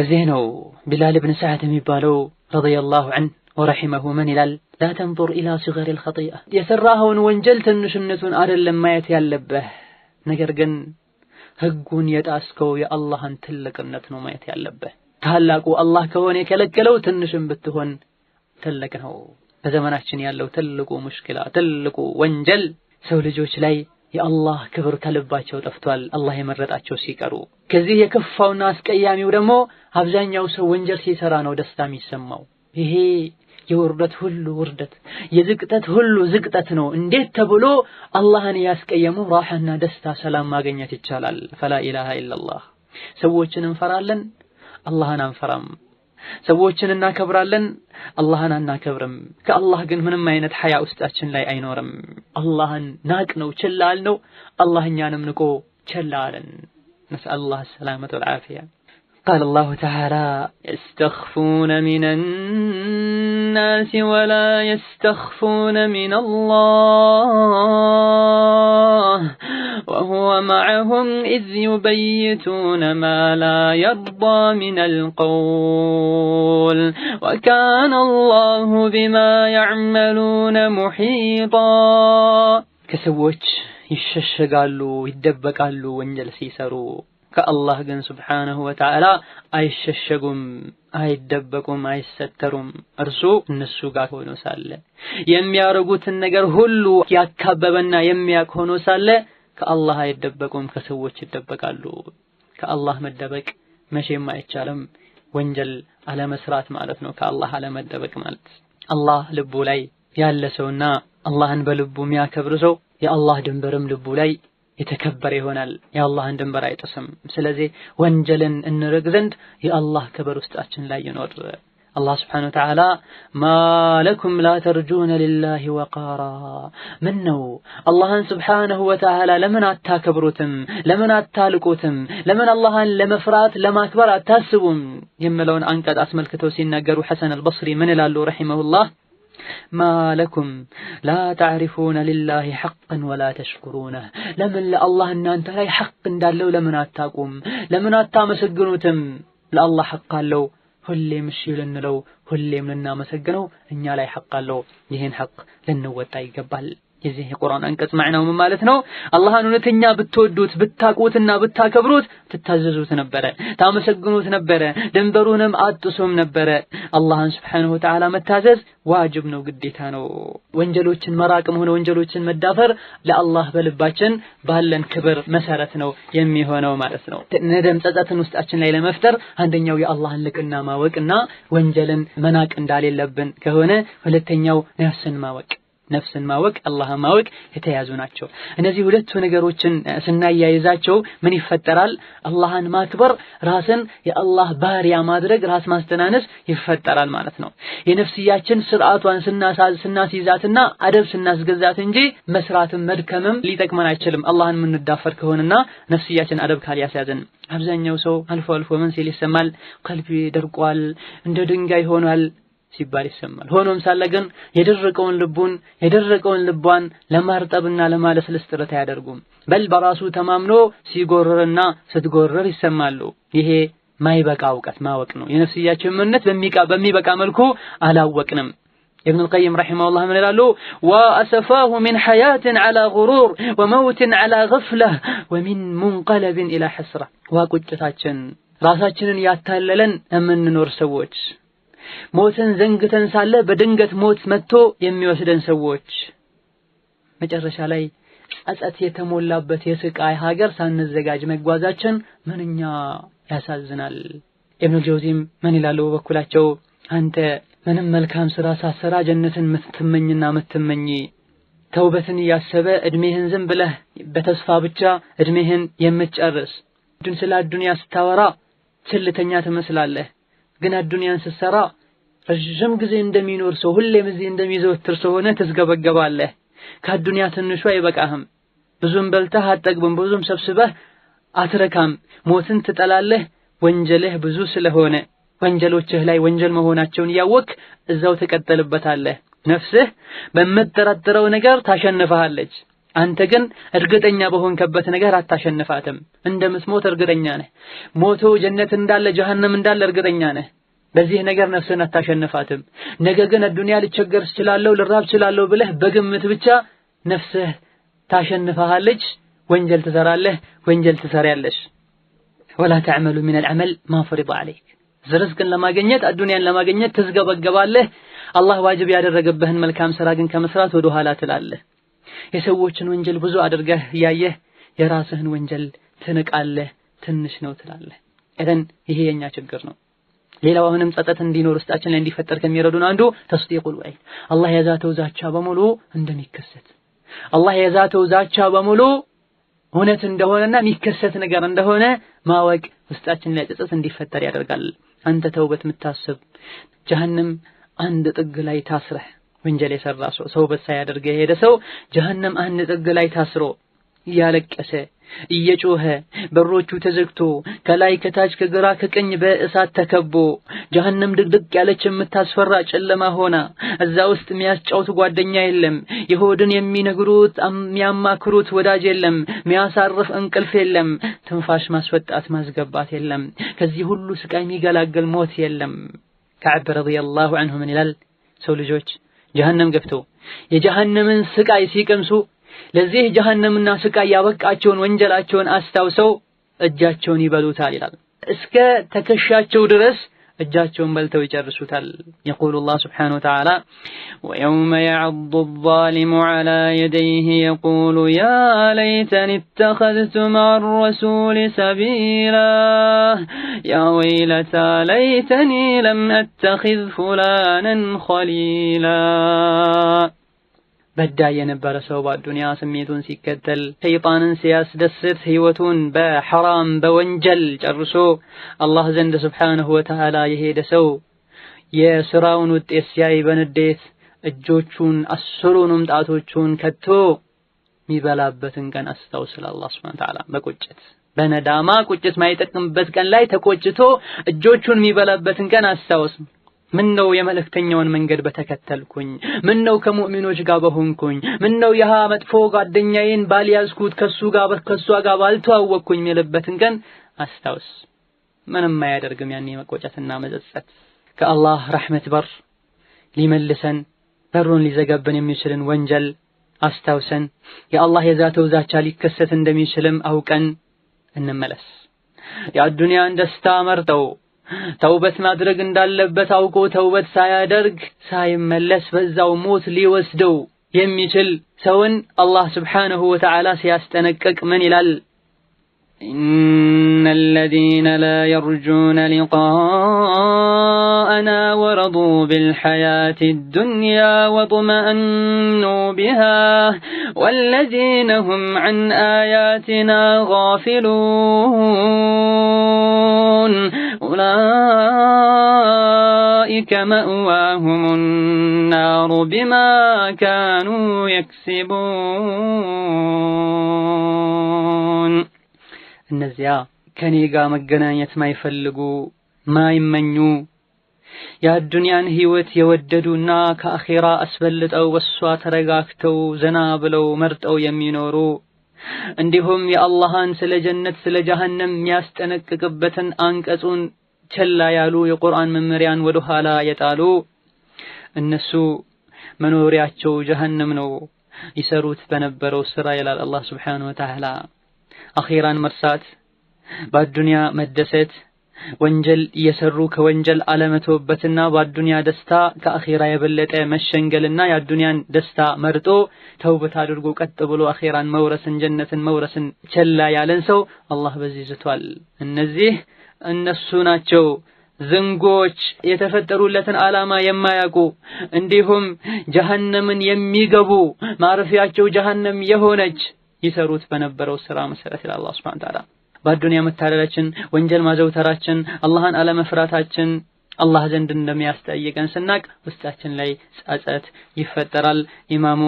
እዚህ ነው ቢላል ብን ሰዓድ የሚባለው ረዲየላሁ ዐንሁ ወረሒመሁ ምን ይላል? ላ ተንዙር ኢላ ሲገሪል ኸጢአ የሰራኸውን ወንጀል ትንሽነቱን አይደለም ማየት ያለብህ፣ ነገር ግን ህጉን የጣስከው የአላህን ትልቅነት ነው ማየት ያለብህ። ታላቁ አላህ ከሆነ የከለከለው ትንሽም ብትሆን ትልቅ ነው። በዘመናችን ያለው ትልቁ ሙሽኪላ፣ ትልቁ ወንጀል ሰው ልጆች ላይ የአላህ ክብር ከልባቸው ጠፍቷል፣ አላህ የመረጣቸው ሲቀሩ። ከዚህ የከፋውና አስቀያሚው ደግሞ አብዛኛው ሰው ወንጀል ሲሰራ ነው ደስታ የሚሰማው። ይሄ የውርደት ሁሉ ውርደት፣ የዝቅጠት ሁሉ ዝቅጠት ነው። እንዴት ተብሎ አላህን ያስቀየሙ ራህና ደስታ፣ ሰላም ማግኘት ይቻላል? ፈላ ኢላሃ ኢለላህ። ሰዎችን እንፈራለን፣ አላህን አንፈራም። ሰዎችን እናከብራለን፣ አላህን አናከብርም። ከአላህ ግን ምንም አይነት ሐያ ውስጣችን ላይ አይኖርም። አላህን ናቅ ነው ችላል ነው አላህ እኛንም ንቆ ችላ አለን። አላህ ሰላመተ ወልዓፊያ قال الله تعالى يستخفون من الناس ولا يستخفون من الله وهو معهم إذ يبيتون ما لا يرضى من القول وكان الله بما يعملون محيطا كسوش يششقالوا يدبقالو وانجل سيسروا ከአላህ ግን ስብሓነሁ ወተዓላ አይሸሸጉም፣ አይደበቁም፣ አይሰተሩም። እርሱ እነሱ ጋር ሆኖ ሳለ የሚያደርጉትን ነገር ሁሉ ያካበበና የሚያውቅ ሆኖ ሳለ ከአላህ አይደበቁም፣ ከሰዎች ይደበቃሉ። ከአላህ መደበቅ መቼም አይቻልም። ወንጀል አለመስራት ማለት ነው፣ ከአላህ አለመደበቅ ማለት። አላህ ልቡ ላይ ያለ ሰውና አላህን በልቡ የሚያከብር ሰው የአላህ ድንበርም ልቡ ላይ የተከበረ ይሆናል። የአላህን ድንበር አይጥስም። ስለዚህ ወንጀልን እንርቅ ዘንድ የአላህ ክብር ውስጣችን ላይ ይኖር። አላህ ስብሓነሁ ወተዓላ ማለኩም ላተርጁነ ሊላሂ ወቃራ፣ ምን ነው አላህን ስብሓነሁ ወተዓላ ለምን አታከብሩትም? ለምን አታልቁትም? ለምን አላህን ለመፍራት ለማክበር አታስቡም? የምለውን አንቀጽ አስመልክተው ሲናገሩ ሐሰን አልበስሪ ምን ይላሉ ረሒመሁላህ ማለኩም ላ ተዕሪፉነ ሊላሂ ሐቅን ወላ ተሽኩሩነ ለምን ለአላህ እናንተ ላይ ሐቅ እንዳለው ለምን አታቁም? ለምን አታመሰግኑትም? ለአላህ ሐቅ አለው። ሁሌም እሺ ልንለው፣ ሁሌም ልናመሰግነው እኛ ላይ ሐቅ አለው። ይህን ሐቅ ልንወጣ ይገባል። የዚህ የቁርአን አንቀጽ ማዕናው ምን ማለት ነው? አላህን እውነተኛ ብትወዱት ብታቁትና ብታከብሩት ትታዘዙት ነበረ፣ ታመሰግኑት ነበረ፣ ድንበሩንም አጥሱም ነበረ። አላህን ስብሓነሁ ወተዓላ መታዘዝ ዋጅብ ነው፣ ግዴታ ነው። ወንጀሎችን መራቅም ሆነ ወንጀሎችን መዳፈር ለአላህ በልባችን ባለን ክብር መሰረት ነው የሚሆነው ማለት ነው። ነደም ጸጸትን ውስጣችን ላይ ለመፍጠር አንደኛው የአላህን ልቅና ማወቅና ወንጀልን መናቅ እንዳሌለብን ከሆነ ሁለተኛው ነፍስን ማወቅ ነፍስን ማወቅ፣ አላህን ማወቅ የተያዙ ናቸው። እነዚህ ሁለቱ ነገሮችን ስናያይዛቸው ምን ይፈጠራል? አላህን ማክበር፣ ራስን የአላህ ባሪያ ማድረግ፣ ራስ ማስተናነስ ይፈጠራል ማለት ነው። የነፍስያችን ስርዓቷን ስናስይዛትና አደብ ስናስገዛት እንጂ መስራትም መድከምም ሊጠቅመን አይችልም። አላህን የምንዳፈር ከሆነና ነፍስያችን አደብ ካልያስያዘን አብዛኛው ሰው አልፎ አልፎ ምን ሲል ይሰማል? ቀልቤ ደርቋል፣ እንደ ድንጋይ ሆኗል ሲባል ይሰማል። ሆኖም ሳለ ግን የደረቀውን ልቡን የደረቀውን ልቧን ለማርጠብና ለማለስለስ ጥረት አያደርጉም። በል በራሱ ተማምኖ ሲጎረርና ስትጎረር ይሰማሉ። ይሄ ማይበቃ እውቀት ማወቅ ነው። የነፍስያችን ምንነት በሚበቃ መልኩ አላወቅንም። ኢብኑል ቀይም ረሂመሁላህ ምን ይላሉ? ወአሰፋሁ ሚን ሐያትን ዐላ ጉሩር ወመውትን ዐላ ገፍላ ወሚን ሙንቀለብን ኢላ ሐስራ። ዋ ቁጭታችን ራሳችንን ያታለለን የምንኖር ሰዎች ሞትን ዘንግተን ሳለ በድንገት ሞት መጥቶ የሚወስደን ሰዎች መጨረሻ ላይ ጸጸት የተሞላበት የስቃይ ሀገር ሳንዘጋጅ መጓዛችን ምንኛ ያሳዝናል። ኢብኑ ጀውዚም ምን ይላሉ በበኩላቸው? አንተ ምንም መልካም ስራ ሳሰራ ጀነትን ምትመኝና ምትመኝ ተውበትን እያሰበ እድሜህን ዝም ብለህ በተስፋ ብቻ እድሜህን የምትጨርስ ስለ አዱንያ ስታወራ ችልተኛ ትመስላለህ፣ ግን አዱንያን ስትሰራ ረዥም ጊዜ እንደሚኖር ሰው ሁሌም እዚህ እንደሚዘወትር ሰው ሆነህ ትዝገበገባለህ። ከአዱንያ ትንሹ አይበቃህም። ብዙም በልተህ አጠግብም፣ ብዙም ሰብስበህ አትረካም። ሞትን ትጠላለህ፣ ወንጀልህ ብዙ ስለሆነ ወንጀሎችህ ላይ ወንጀል መሆናቸውን እያወቅህ እዛው ትቀጥልበታለህ። ነፍስህ በምትጠራጥረው ነገር ታሸንፈሃለች። አንተ ግን እርግጠኛ በሆንከበት ነገር አታሸንፋትም። እንደምትሞት እርግጠኛ ነህ። ሞቶ ጀነት እንዳለ ጀሀነም እንዳለ እርግጠኛ ነህ። በዚህ ነገር ነፍስህን አታሸንፋትም። ነገ ግን አዱንያ ልቸገር ስችላለሁ ልራብ ስችላለሁ ብለህ በግምት ብቻ ነፍስህ ታሸንፈሃለች። ወንጀል ትሰራለህ፣ ወንጀል ትሰሪያለሽ። ወላ ተዕመሉ ሚነል ዐመል ማ ፉሪደ ዐለይክ ርዝቅን ለማግኘት አዱንያን ለማግኘት ትዝገበገባለህ። አላህ ዋጅብ ያደረገብህን መልካም ስራ ግን ከመስራት ወደ ኋላ ትላለህ። የሰዎችን ወንጀል ብዙ አድርገህ እያየህ የራስህን ወንጀል ትንቃለህ። ትንሽ ነው ትላለህ። እደን ይሄ የኛ ችግር ነው። ሌላው አሁንም ጸጸት እንዲኖር ውስጣችን ላይ እንዲፈጠር ከሚረዱን አንዱ ተስዲቁል ወዒድ አላህ የዛተው ዛቻ በሙሉ እንደሚከሰት አላህ የዛተው ዛቻ በሙሉ እውነት እንደሆነና የሚከሰት ነገር እንደሆነ ማወቅ ውስጣችን ላይ ጸጸት እንዲፈጠር ያደርጋል። አንተ ተውበት የምታስብ ጀሀነም አንድ ጥግ ላይ ታስረህ ወንጀል የሰራ ሰው ተውበት ሳያደርግ የሄደ ሰው ጀሀነም አንድ ጥግ ላይ ታስሮ እያለቀሰ እየጮኸ በሮቹ ተዘግቶ ከላይ ከታች ከግራ ከቀኝ በእሳት ተከቦ ጀሀነም ድቅድቅ ያለች የምታስፈራ ጨለማ ሆና እዛ ውስጥ የሚያስጫውት ጓደኛ የለም። የሆድን የሚነግሩት የሚያማክሩት ወዳጅ የለም። የሚያሳርፍ እንቅልፍ የለም። ትንፋሽ ማስወጣት ማስገባት የለም። ከዚህ ሁሉ ስቃይ የሚገላገል ሞት የለም። ከዕብ ረዲየላሁ አንሁ ምን ይላል? ሰው ልጆች ጀሀነም ገብቶ የጀሀነምን ስቃይ ሲቀምሱ لزيه جهنم الناس الناسكا يابك أجون ونجل أجون سو أجاتشوني بلو تاليلال اسكا تكشاتشو درس أجاتشون بلتو يجرسو تال يقول الله سبحانه وتعالى ويوم يعض الظالم على يديه يقول يا ليتني اتخذت مع الرسول سبيلا يا ويلتا ليتني لم أتخذ فلانا خليلا በዳይ የነበረ ሰው በአዱንያ ስሜቱን ሲከተል ሸይጣንን ሲያስደስት ህይወቱን በሐራም በወንጀል ጨርሶ አላህ ዘንድ ስብሓንሁ ወተዓላ የሄደ ሰው የስራውን ውጤት ሲያይ በንዴት እጆቹን አስሩንም ጣቶቹን ከቶ የሚበላበትን ቀን አስታውስል። አላህ ስብሓነሁ ወተዓላ በቁጭት በነዳማ ቁጭት ማይጠቅምበት ቀን ላይ ተቆጭቶ እጆቹን የሚበላበትን ቀን አስታውስ። ምን ነው የመልእክተኛውን መንገድ በተከተልኩኝ፣ ምን ነው ከሙእሚኖች ጋር በሆንኩኝ፣ ምን ነው ያሃ መጥፎ ጓደኛዬን ባልያዝኩት፣ ከሱ ጋር ከሷ ጋር ባልተዋወቅኩኝ የሚልበትን ቀን አስታውስ። ምንም አያደርግም ያኔ መቆጨትና መጸጸት። ከአላህ ረሕመት በር ሊመልሰን በሩን ሊዘጋብን የሚችልን ወንጀል አስታውሰን የአላህ የዛተው ዛቻ ሊከሰት እንደሚችልም አውቀን እንመለስ። የአዱንያን ደስታ መርጠው توبت مدرق اندال لبت اوكو توبت سايا درق سايم ملس فزاو موت لي وسدو يمي تل سون الله سبحانه وتعالى سيستنكك من ال إن الذين لا يرجون لقاءنا ورضوا بالحياة الدنيا وطمأنوا بها والذين هم عن آياتنا غافلون أولئك مأواهم النار بما كانوا يكسبون እነዚያ ከኔ ጋር መገናኘት ማይፈልጉ ማይመኙ የአዱንያን ህይወት የወደዱና ከአኼራ አስበልጠው ወሷ ተረጋግተው ዘና ብለው መርጠው የሚኖሩ እንዲሁም የአላህን ስለ ጀነት ስለ ጀሃነም የሚያስጠነቅቅበትን አንቀጹን ቸላ ያሉ የቁርአን መመሪያን ወደ ኋላ የጣሉ እነሱ መኖሪያቸው ጀሀነም ነው ይሰሩት በነበረው ስራ ይላል አላህ ሱብሓነሁ ወተዓላ። አኺራን መርሳት፣ በአዱንያ መደሰት ወንጀል እየሰሩ ከወንጀል አለመተውበትና በአዱንያ ደስታ ከአኼራ የበለጠ መሸንገልና የአዱንያን ደስታ መርጦ ተውበት አድርጎ ቀጥ ብሎ አኼራን መውረስን ጀነትን መውረስን ቸላ ያለን ሰው አላህ በዚህ ዝቷል። እነዚህ እነሱ ናቸው ዝንጎች የተፈጠሩለትን ዓላማ የማያውቁ እንዲሁም ጀሀነምን የሚገቡ ማረፊያቸው ጀሀነም የሆነች ይሰሩት በነበረው ስራ መሰረት ይላል አላህ ሱብሓነሁ ወተዓላ በአዱንያ መታለላችን፣ ወንጀል ማዘውተራችን፣ አላህን አለመፍራታችን አላህ ዘንድ እንደሚያስጠይቀን ስናቅ ውስጣችን ላይ ጸጸት ይፈጠራል። ኢማሙ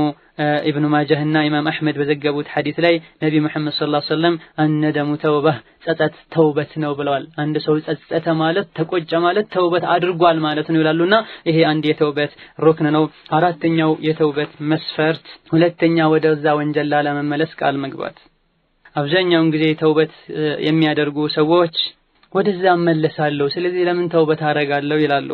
ኢብኑ ማጃህና ኢማም አሕመድ በዘገቡት ሐዲስ ላይ ነቢ ሙሐመድ ሰለላሁ ዐለይሂ ወሰለም አነደሙ ተውባህ ጸጸት ተውበት ነው ብለዋል። አንድ ሰው ጸጸተ ማለት ተቆጨ ማለት ተውበት አድርጓል ማለት ነው ይላሉና ይሄ አንድ የተውበት ሩክን ነው። አራተኛው የተውበት መስፈርት ሁለተኛ ወደዛ ወንጀል ላለመመለስ ቃል መግባት አብዛኛውን ጊዜ ተውበት የሚያደርጉ ሰዎች ወደዛ እመለሳለሁ፣ ስለዚህ ለምን ተውበት አደርጋለሁ ይላሉ።